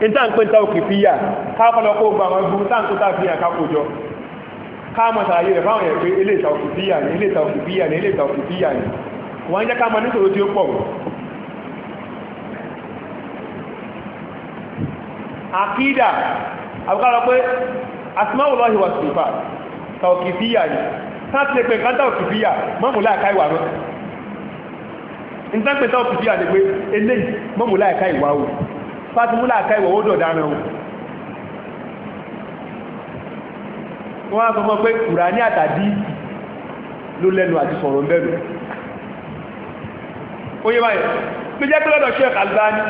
ìtàǹpé tàùkì fíyà káàkọ́lọ́kọ́ gba àwọn ẹgbùn tàǹkó tàfíyà kákòjọ káàmọ̀ sàáyé rẹ̀ fáwọn ẹ̀pẹ́ ilé tàùkì fíyà ní ilé tàùkì fíyà ní ilé tàùkì fíyà ní wọ́n ń jẹ́ káàmọ̀ nítorí tí ó pọ̀ àkídà àbúkálọ pé asmáwòlọ́hì wà sífà tàùkì fíyà ní sáàtì pé nǹkan tàùkì fíyà mọ́mùlá àkáìwà rẹ̀ nǹkan pé tàùkì fíyà ní pé eléyìí mọ́mùlá àkáìwà rẹ̀ fatimula ká ìwọ̀ ódò dáná o wọ́n á sọ mọ́ pé kùránì àtàdí ló lẹ́nu àti sọ̀rọ̀ ń bẹ̀rù ó yé báyìí tó jẹ́ pé lọ́dọ̀ Sheikh Albani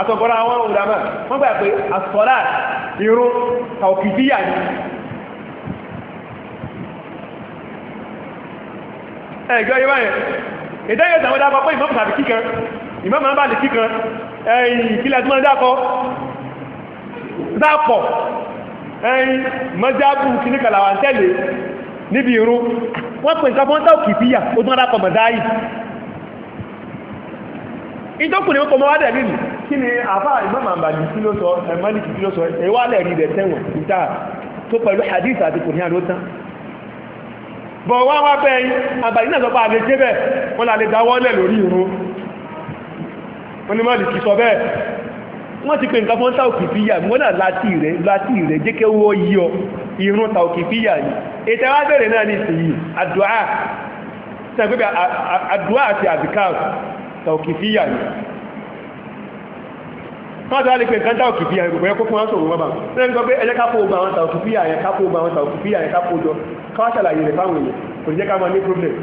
àtọ̀gọ́rọ̀ àwọn òdàmà wọ́n gbà pé àsọ̀lá irun tàòkìdíyà ni ẹ̀gbẹ́ yé báyìí ìdáyẹ̀ ìdáwọ́dá pọ̀ pé ìmọ̀ ẹ̀yìn ìpìlẹ̀ tí wọ́n dákọ́ dápọ̀ ẹ̀yìn mọ́jábù kìíní kàlàwà tẹ́lẹ̀ níbi irun wọ́n pè nǹkan fọ́n táòkì fíyà ó tún dápọ̀ mọ̀dáyì ìtọ́kùnrin ọkọ̀ mọ́wá dẹ̀rí nì kí ni àfáà ìmọ̀mà àbàdì kí ló sọ ẹ̀mọ́lì kí ló sọ ẹ̀wà lẹ́rí rẹ̀ tẹ́wọ̀n níta tó pẹ̀lú hadith àti kò ní àdó tán bọ̀ wá wá bẹ́ẹ̀ àbàdì náà sọ pé àlejébẹ̀ wọ́n lálẹ́ dáwọ́lẹ̀ lórí wọ́n ní mọ́lì kì sọ bẹ́ẹ̀ wọ́n ti pè nǹkan fún tàòkì fíyà mọ́nà láti rẹ̀ láti rẹ̀ jẹ́kẹ́ wọ́ yí ọ irun tàòkì fíyà yìí ètò wá bẹ̀rẹ̀ náà ní ìsìnyí àdúà sẹ́gbẹ́bẹ̀ àdúà àti àbíkáà tàòkì fíyà yìí wọ́n tó wá lè pè nǹkan tàòkì fíyà yìí gbogbo ẹkọ́ wọn sọ̀rọ̀ wọn bá lẹ́nu sọ pé ẹjẹ́ kápò ogun àwọn tàòkì fíyà yẹn kápò ogun àwọn tàòkì fíyà yẹn kápò jọ káwá ṣàlàyé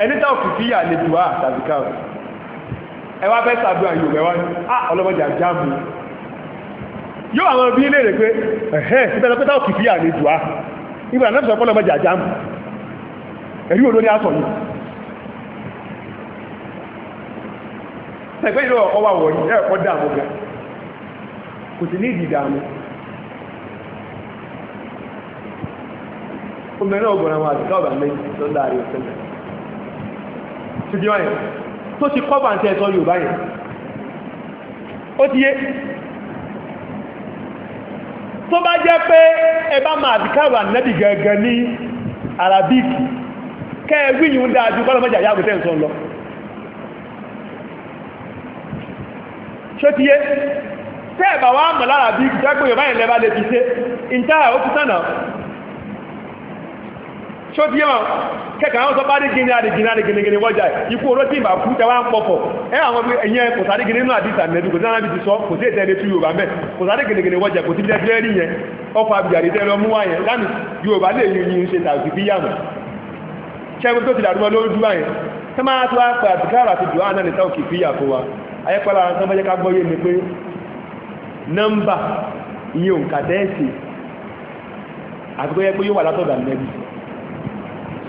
ẹni tá òkú fíyà lè dùn á ah, tàbí káàbù ẹ wá fẹ́ sàdúrà yóò rẹ wá á ah, ọlọ́mọdé àjáàmù yóò àwọn òbí ilé rẹ̀ pé ẹ̀hẹ́ síbẹ̀ lọ pé tá lè dùn á ìgbà náà sọ ọlọ́mọdé àjáàmù ẹ̀rí òdó ní àsọ̀ yìí tẹ̀gbẹ́ ìlú ọkọ̀ wà wọ̀nyí ẹ̀ kọ́ dààmú gan kò sì ní fídíò yẹn tó ti kọ́ bàǹtí ẹ̀tọ́ Yorùbá yẹn ó ti yé tó bá jẹ́ pé ẹ bá máa àdìkàrò ànẹ́bì gẹ̀ẹ́gẹ́ ní Arabic kẹ́ ẹ wíyùn dáadú kọ́lọ́ mọ́jà yàgò tẹ́ ń sọ lọ ṣó ti yé tẹ́ ẹ̀ bá wá mọ̀ lára bí jẹ́ pé Yorùbá yẹn lè fi ṣe tó díẹ̀ wọn kẹ́kẹ́ àwọn sọ bá rí gini àrígini ikú oró tí ìbá fún tẹwàá ń pọ̀pọ̀ ẹ àwọn ẹ̀yẹn kò sáré gini nínú àdìsà nẹ́dù kò sí náà ti sọ kò sí ètẹ́ ilé tú yorùbá mẹ́ kò sáré gini gini kò sí ilé ẹgbẹ́ rí yẹn ọkọ̀ àbíyàrí tẹ́ lọ mú wá yẹn lánà yorùbá lè yún yín ṣe tàbí bí yàmù ṣẹ́gun tó ti dàrú wọn lórí dúrà yẹn tẹ́ máa tó wá àtìkára àti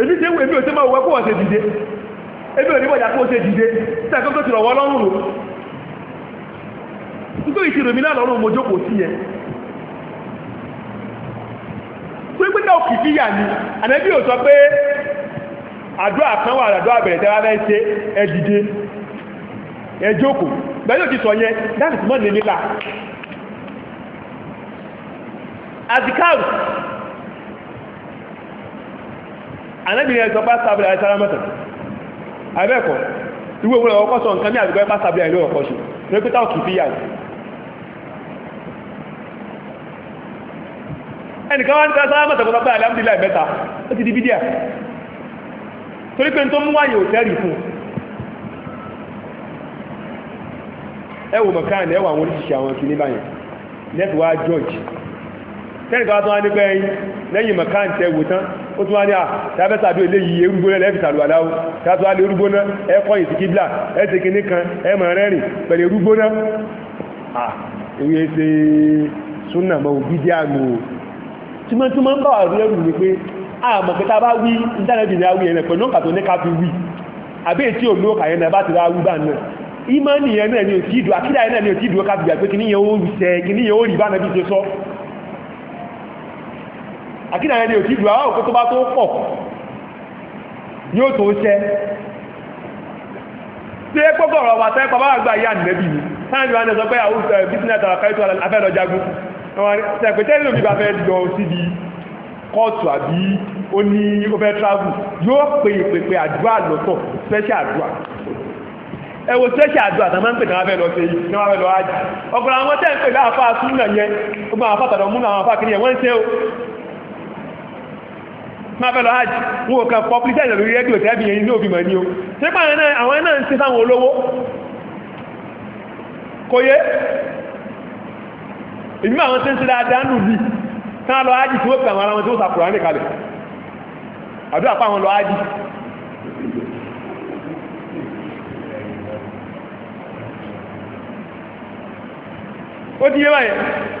èmi ṣe ń wo èmi ò ṣe máa wọ kó wọ́n ṣe dìde èmi ò ní bọ̀jà kó ṣe dìde tí àkókò ti rọ̀ wọ́n lọ́rùn lò nítorí ìṣirò mi náà lọ́rùn mo jókòó sí yẹn tó pé náà kìí fíyà ni ànábì ò sọ pé àdúrà kan wà àdúrà bẹ̀rẹ̀ tẹ́wà bẹ́ẹ̀ ṣe ẹ dìde ẹ jókòó bẹ́ẹ̀ ti sọ yẹn that is money anábìrin ẹ̀sọ́ pásítàbílà ẹ̀ sáramọ́tà abẹ́ẹ̀kọ́ ìwé òun ọkọ̀ sọ nǹkan ní àdúgbò ẹ̀ pásítàbílà ìlú ọkọ̀ ṣe lókítà òkì fi yà ẹnìkan wá ń tẹ́ sáramọ́tà kọ́ta pé alhamdulillah mẹ́ta ó ti di bídíà torí pé tó mú wáyé ò tẹ́rì fún ẹ wò mọ̀kán ẹ wà àwọn oríṣiṣẹ́ àwọn kìíní báyẹn lẹ́tùwá george tẹ́nìkan wá tó wá nígbẹ́ lẹ́yìn mọ̀kán tẹ́ wò tán ó tún wá ní ele tábẹ́sà bí eléyìí erúgbóná lẹ́fì sàlùwàlá o tátó wá lé erúgbóná ẹ kọ́ ìsìkíblà ẹ ti kíní kan ẹ mọ̀ rẹ́rìn pẹ̀lú erúgbóná à èyí ṣe súnà mọ́ òbídí àmì o túmọ̀ túmọ̀ ń bá wà lẹ́rù ni pé àmọ̀ pé tá a bá wí íńtánẹ́ẹ̀tì ni a wí ẹ̀rẹ̀ pẹ̀lú nǹkan tó ní ká fi wí àbí ètí òun ló kàyẹ́ náà bá ti wá wí bá náà ìmọ̀ nìyẹn náà ni ò tí ì dùn àkídà yẹn náà ni ò tí ì dùn ká fi gbà pé kíníyẹn ó rí bá náà bí ṣe sọ àkídà yẹn ni ò tí ìlú àwọn òkú tó bá tó pọ̀ yóò tó ṣẹ́ tí ẹ gbọ́gbọ́ ọ̀rọ̀ wà tẹ́ pàbá àgbà yà nẹ́bì ni táwọn ìlú àná sọ pé àwọn òṣèré bísínà tàbí àkàrí tó afẹ́ lọ jagun tẹ̀pẹ̀tẹ́ nílò bíbá fẹ́ lọ síbi kóòtù àbí ó ní ó fẹ́ travel yóò pè pè pé àdúrà lọ́tọ̀ special àdúrà ẹ wo special àdúrà tàbí máa ń pè náà fẹ́ lọ sí i náà fẹ́ lọ ájì ọ̀pọ̀lọpọ̀ àwọn tẹ́ ń pè láàfáà súnà yẹn ó máa fàtàdọ̀ múnà àwọn afáàkiri yẹn wọ́n ń máa fẹ́ lọ hajj wọn ò kàn publicize ìjọ lórí rédíò tẹ́bí yẹn ní òbí mọ̀ ní o ṣé pàrọ̀ náà àwọn náà ń ṣe fáwọn olówó kò yé èmi àwọn tí ń ṣe dáadáa nù bí tán lọ hajj tí wọ́n pè àwọn ara wọn tí wọ́n sàkùrọ̀ ní kalẹ̀ àdúrà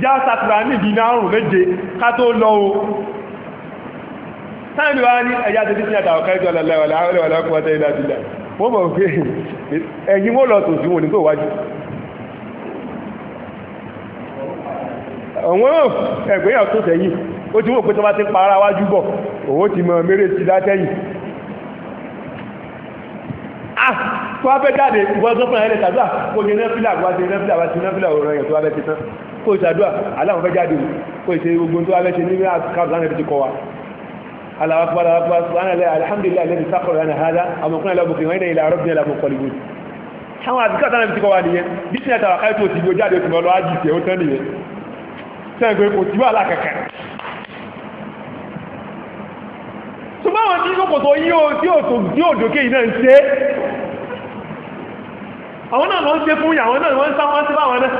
já sàtìrà ní ìdí náà rùn méje ká tó lọ o sáàbì wá ní ẹ̀yà tó dín ní àtàwọn káìtọ́ lọ́lọ́wọ́lá ọlọ́wọ́lá kọ́ tẹ́ ilá ìlà wọ́n mọ̀ pé ẹ̀yìn wọ́n lọ tòsí wọn ní tó wájú àwọn ẹgbẹ̀yàn tó tẹ̀yìn ó ti wò pé tó bá ti para wájú bọ̀ owó ti mọ̀ mẹ́rẹ̀ ti dátẹ́yìn ah! tó wá fẹ́ jáde ìwọ́n tó fún ẹ̀rẹ́ tàbí àkójẹ nẹ́fìlà wá sí nẹ́fìlà wá sí nẹ́fìlà òòrùn ẹ̀yàn tó wá fẹ́ ti tán kó ìsàdúà aláwọn fẹ́ jáde kó ìṣe gbogbo tó wá fẹ́ ṣe ní káàbù láti ti kọ wa aláwọ̀pọ̀ aláwọ̀pọ̀ sọ́nàlẹ́ alhamdulilayi lẹ́bi sákọ̀rọ̀ ẹni hádá àmọ̀kúnlẹ̀ lọ́bùkì wọ́n ní ilẹ̀ arọ́bìn ẹ̀lá mọ̀kọ̀lìwò àwọn àdúgbò tánà ti kọ́ wa nìyẹn bí sinẹ̀ tàwà káyọ̀ tó ti gbó jáde tó lọ ájì tẹ̀ ó tán nìyẹn sẹ́yìn pé kò sí wà lákàkà ṣùgbọ́n àwọn tí kò tó yí tí ò dókè yìí náà ń ṣe àwọn náà lọ ń ṣe fún yà àwọn náà wọ́n ń sá wọ́n sí báwọn náà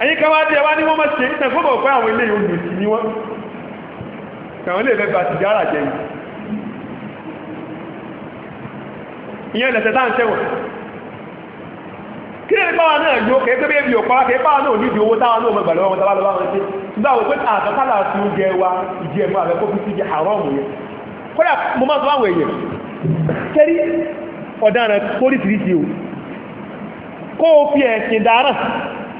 ẹ̀yìn kan wá dé ẹwà ní wọ́n mọ́ ṣe ìtàn fún ọ̀pẹ́ àwọn ilé ìhùn ìsìn ní wọ́n kàwọn ilé ìfẹ́fà ti dára jẹ́ ìyẹn lẹ̀sẹ̀ tá ń ṣẹ̀wọ̀n kí lè báwa náà yóò kẹ́ pé bí òpá kẹ́ báwa náà nídìí owó táwa náà mọ̀gbà lọ́wọ́ tàbá lọ́wọ́ ṣe ṣùgbọ́n àwọn pé àtọ́kálà tí ó jẹ wa ìdí ẹ̀mọ́ àbẹ́ kó fi sí jẹ àrọ́ọ̀mù yẹn kódà mo máa sọ àwọn ẹ̀sìn dáràn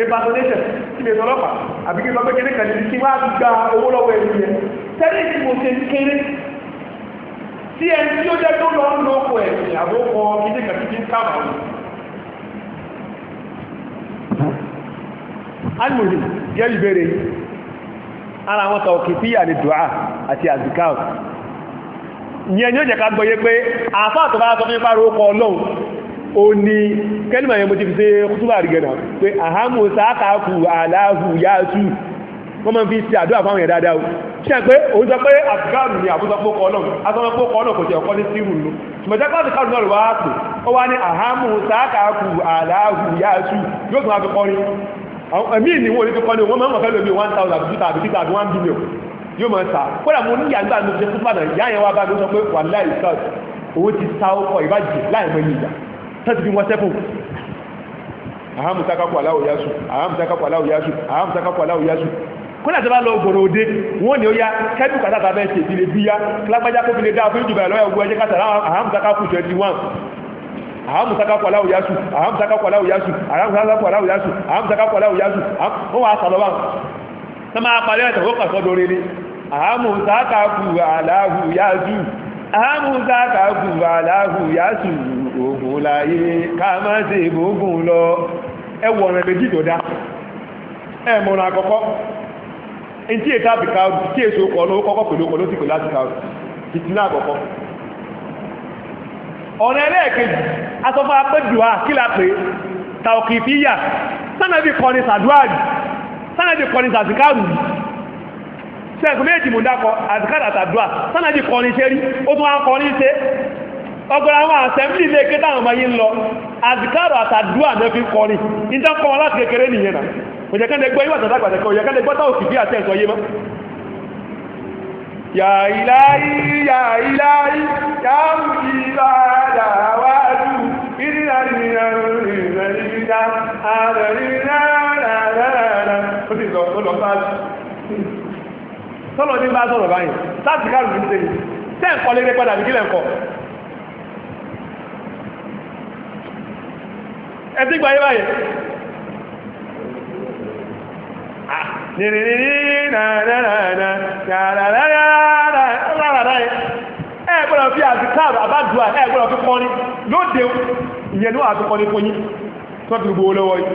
evangelation kí lè sọlọ́pàá àbí kí n sọ pé kéde kàdé kí wọ́n á gba owó lọ́wọ́ ẹni yẹn sẹ́ni tí mo ṣe kéré tí ẹni tí ó jẹ́ tó lọ ń lóko ẹ̀sìn àbókọ kéde kàdé kí n káàmà lọ. alimoji yẹ́ ìbéèrè ara àwọn tàwọn kìfíyà ni dùá àti àzìkáà ìyẹn ni ó jẹ́ ká gbọ́yé pé àfáà tó bá sọ fún ipá rò kọ ọlọ́run ó ní kẹ́lìmọ̀ yẹn mo ti fi ṣe kútúbà rí gẹ̀nà pé àhámù sáàkàkù aláhù yáàtù wọ́n máa fi ṣe àdúrà fáwọn yẹn dáadáa o ṣe pé òun sọ pé àfikáàrù ni àbúsọpọ̀kọ ọlọ́run asọmọpọ̀kọ ọlọ́run kò tẹ̀ ọkọ ní sírù lò ṣùgbọ́n káàdì káàdì náà wá pè ó wá ní àhámù sáàkàkù aláhù yáàtù yóò tún àfikọ́ rí ẹ̀mí ìníwó ní kíkọ́ ni wọ́n máa ń mọ̀fẹ́ lómi one thousand àbí two thousand àbí three thousand one billion yóò máa ta kódà mo níyà nígbà tó ṣe fún fàdà ìyá yẹn wá bá mi sọ pé wàhálà ìsọ̀t owó ti ta ọkọ̀ ìbàjẹ́ láì mọ tẹ́tì bí wọ́n sẹ́kù àhámù tákàkù aláwò yásù àhámù tákàkù aláwò yásù àhámù tákàkù aláwò yásù kódà tí a bá lọ gbòòrò òde wọn ni ó ya ya kẹ́dù kàtà tàbẹ́ ṣe ìdílé bíyá lágbájá kó fi lè dáa fún ìjùbà ìlọ́yà ogun ẹjẹ́ kàtà àhámù tákàkù twenty one àhámù tákàkù aláwò yásù àhámù tákàkù aláwò yásù àhámù tákàkù aláwò yásù àhámù tákàkù aláwò yásù wọ́n wà á sàlọ́ bá wọn. sọ amúta kàkù aláhù yásù ògùn láyé ká má ṣe lọ ẹwọ ọ̀nà méjì tó dá ẹ̀mọ̀nà àkọ́kọ́ in tí èta bìkà tí èso ọkọ̀ kọ́kọ́ pẹ̀lú ọkọ̀ ló ti pẹ̀lú àti kàrù ìtìlá àkọ́kọ́ sẹ́ẹ̀kù méjì mú dákọ̀ àdìkádà tàdúà sánàjì kọrin ṣe rí ó tún wá kọrin ṣe ọgbọ̀rọ̀ àwọn assembly ilé kéta àwọn ọmọ yìí ń lọ àdìkádà tàdúà náà fi kọrin níta na láti kékeré nìyẹn náà kò sọ́lọ́ ní bá sọ̀rọ̀ báyìí láti ká lùmí ṣe tẹ́ ń kọ́ lé padà bí kílẹ̀ ń kọ́ ẹ ti gbà yí báyìí ẹ gbọ́dọ̀ fi àzìkáà àbádùá ẹ gbọ́dọ̀ fi kọ́ni lóde ìyẹn ló àtúkọ́ni fún yín tó fi gbowó lọ́wọ́ yìí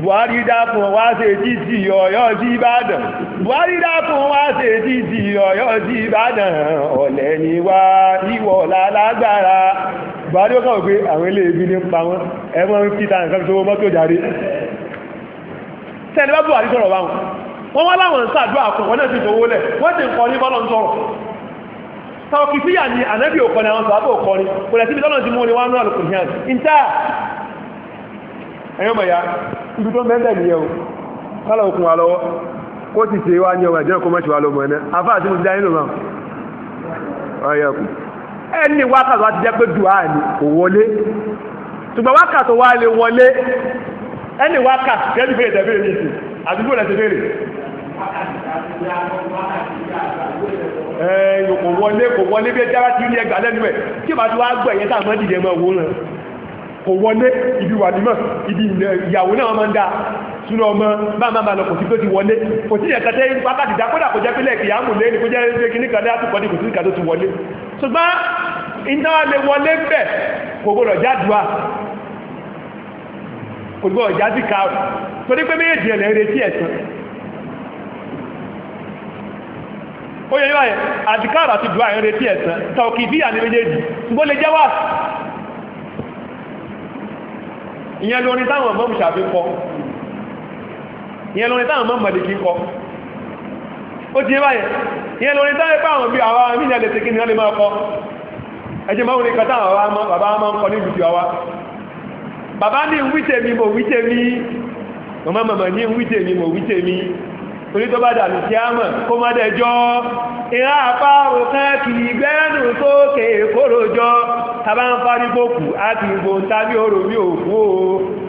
buhari dákun wá ṣe títì ọ̀yọ́ sí ìbàdàn buhari dákun wá ṣe títì ọ̀yọ́ sí ìbàdàn ọ̀lẹ ni wá ìwọ̀ lálágbára buhari ó kàwọ̀ pé àwọn ilé ibi ní pa wọn ẹ̀wọ̀n ń kíta nǹkan tó mọ́tò jáde tẹ́lẹ̀ bá buhari sọ̀rọ̀ báwọn wọ́n wá láwọn ń sàdúrà fún wọn náà ti tòwó lẹ̀ wọ́n ti ń kọ́ ní bọ́lọ̀ sọ̀rọ̀ sáwọn kìfíyà ya ibi tó mẹ́bẹ̀ ní ẹ̀wọ̀ kọ́lọ̀ òkun wa lọ́wọ́ kó ti ṣe wá ní ọmọ ìjọ́ kó mọ́ṣù wa lọ́mọ ẹ̀nà afá àti mo ti dáyé lòmọ́ ọ̀yọ̀ kù ẹni wákàtí wa ti jẹ́ pé dùá ni kò wọlé ṣùgbọ́n wákàtí wa lè wọlé ẹni wákàtí tẹ́lifí bèrè tẹ́lifí bèrè nìsín àdúgbò rẹ̀ ti bèrè. ẹ kò wọlé kò wọlé bí ẹ jára ti rí ẹgbàá lẹ́nu ẹ̀ kí kò wọlé ibi wà nímọ̀ ibi ìyàwó náà máa ń da súnú ọmọ bá máa lọ kò sí tó ti wọlé kò sí ẹ̀ka tẹ́ ipá bá ti dá kódà kò jẹ́ pílẹ̀ kìyà mú lé ní kó jẹ́ ṣe kí níkan láti kọ́ ní kò sí ìka tó ti wọlé ṣùgbọ́n iná lè wọlé bẹ̀ kò gbọdọ̀ jádùá kò gbọdọ̀ jádì ká torí pé méjèèjì ẹ̀lẹ́ retí ẹ̀sán ó yẹ yọ àdìkáàrà ti dùn àyẹ̀rẹ̀ tí ẹ̀sán tàwọn kìí bí àní méjèèjì ṣùgbọ́n lè jẹ́ wá ìyẹn lórí táwọn ọmọ mùsàfí kọ ìyẹn lórí táwọn ọmọ mọ̀lẹ́kí kọ ó ti báyẹ̀ ìyẹn lórí táwọn ẹgbẹ́ àwọn bí àwọn amílẹ̀ lè tẹ́kí ní wọ́n lè máa kọ ẹjẹ́ máa ní kọta àwọn bàbá máa ń ní ìbùdó wa mi mo wíṣẹ́ mi màmá màmá ní wíṣẹ́ mi mo wíṣẹ́ mi torí tó bá dàlù sí àmọ̀ kó má dẹjọ́ ìhà àpá òkan kì í gbẹ́rù sókè kóró jọ tàbá ń fárí gbókù àti ìgbò ń ta o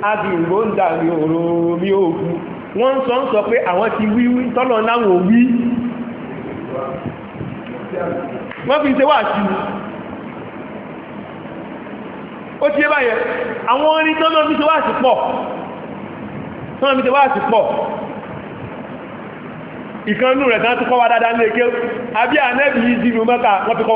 àti ìgbò ń ta bí òrò mi wọ́n ń sọ ń sọ pé àwọn ti wí tọ́lọ̀ wí wọ́n fi ṣe wà sí ó ti yé àwọn orin tọ́lọ̀ fi ṣe wà sí pọ̀ tọ́lọ̀ fi ṣe wà sí pọ̀ rẹ̀ kọ́ wa dáadáa ní àbí yìí mẹ́ta wọ́n fi kọ́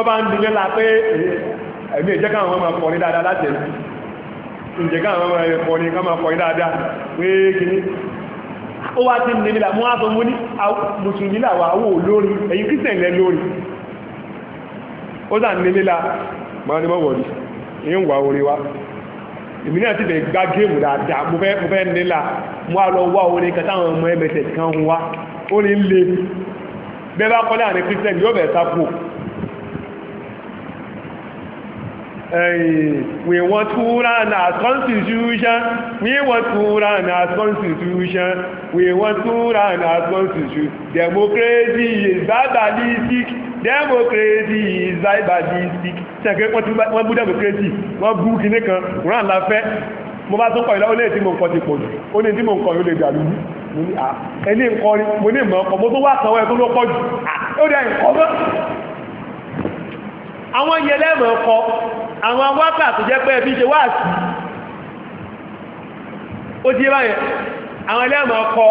ọba ń di mẹ́la pé ẹ̀mí ìjẹ́ káwọn ọmọ pọ̀ ní dáadáa láti ẹ̀mí ìjẹ́ káwọn ọmọ pọ̀ ní káwọn pọ̀ ní dáadáa pé kìíní ó wá ti ní nílà mú àtọ́ mú ní mùsùlùmí làwà owó lórí ẹ̀yìn kírísẹ̀n lẹ lórí ó sà ní nílà máa ní mọ́wọ̀lì èyí ń wà orí wa èmi náà ti bẹ̀ gbá géèmù dáadáa mo fẹ́ mo fẹ́ nílà mo á lọ wá orí kẹta àwọn ọmọ ẹmẹsẹ̀ kan wá ó ní lè bẹ́ẹ̀ bá kọ́lé yóò bẹ̀ sápò we want Quran as constitution. We want Quran as constitution. We want Quran as constitution. Democracy is bibalistic. Democracy is bibalistic. Ṣẹ̀kẹ́ wọ́n bú democracy, wọ́n bú kìíní kan, Quran la fẹ́. Mo bá tún kọ̀ ìlà ó lè tí mo kọ̀ ti pọ̀ jù, ó ní tí mo kọ̀ yóò lè dàlú. Mo ní à, ẹni nǹkan ni, mo ní ìmọ̀ ọkọ̀, mo tó wà sanwó ẹ̀ tó ló pọ̀ jù. Ó dẹ̀ nǹkan mọ́. Àwọn yẹlẹ́mọ̀ ọkọ̀ àwọn wákà tó jẹ́ pé ẹbí ṣe wá sí ó ti báyẹn àwọn ilé àmọ́ kọ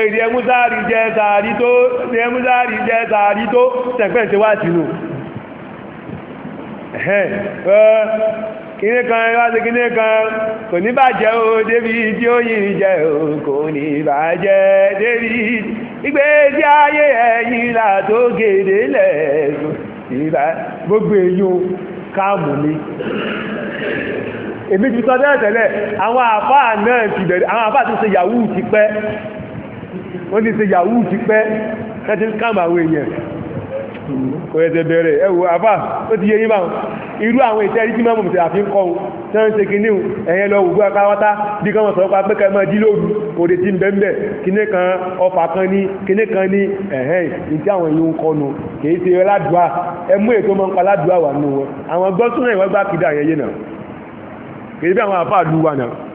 èdè ẹmúsáàrí jẹ́ sàárì tó ní ẹmúsáàrí jẹ́ sàárì tó tẹ̀pẹ́ ṣe wá sí nù kíní kan wá sí kíní kan kò ní bàjẹ́ o débi tí ó yìí jẹ́ o kò ní bàjẹ́ débi ìgbésí ayé ẹ̀yìn là gèdè lẹ́ẹ̀kùn gbogbo èyí o káàmù ni èmi ti sọ tẹ́lẹ̀ tẹ́lẹ̀ àwọn àfáà náà ti bẹ̀rẹ̀ àwọn àfáà ti ṣe yahoo ti pẹ́ wọ́n ti ṣe yahoo ti pẹ́ kẹ́tí káàmù àwọn èèyàn kò yẹ tẹ bẹ̀rẹ̀ ẹ wo àbá ó ti yẹ yín báwọn irú àwọn ìtẹ́rí tí mọ́mọ́ àfi ń kọ́ tí wọ́n ń ṣe kínní ẹ̀yẹ lọ wùgbọ́ akáwátá bí kan sọ pé kẹ́ máa dílóòdù òde tí ń bẹ́ ń bẹ̀ kínní kan ọfà kan ní kínní kan ní ẹ̀hẹ́n ìdí àwọn èyí ń kọnu kìí ṣe ládùá ẹ mú ètò máa ń pa ládùá wà nù wọn àwọn gbọ́sùn náà ìwọ́n gbá kìdá àyẹyẹ náà kìí bí àwọn àfáà lù wà náà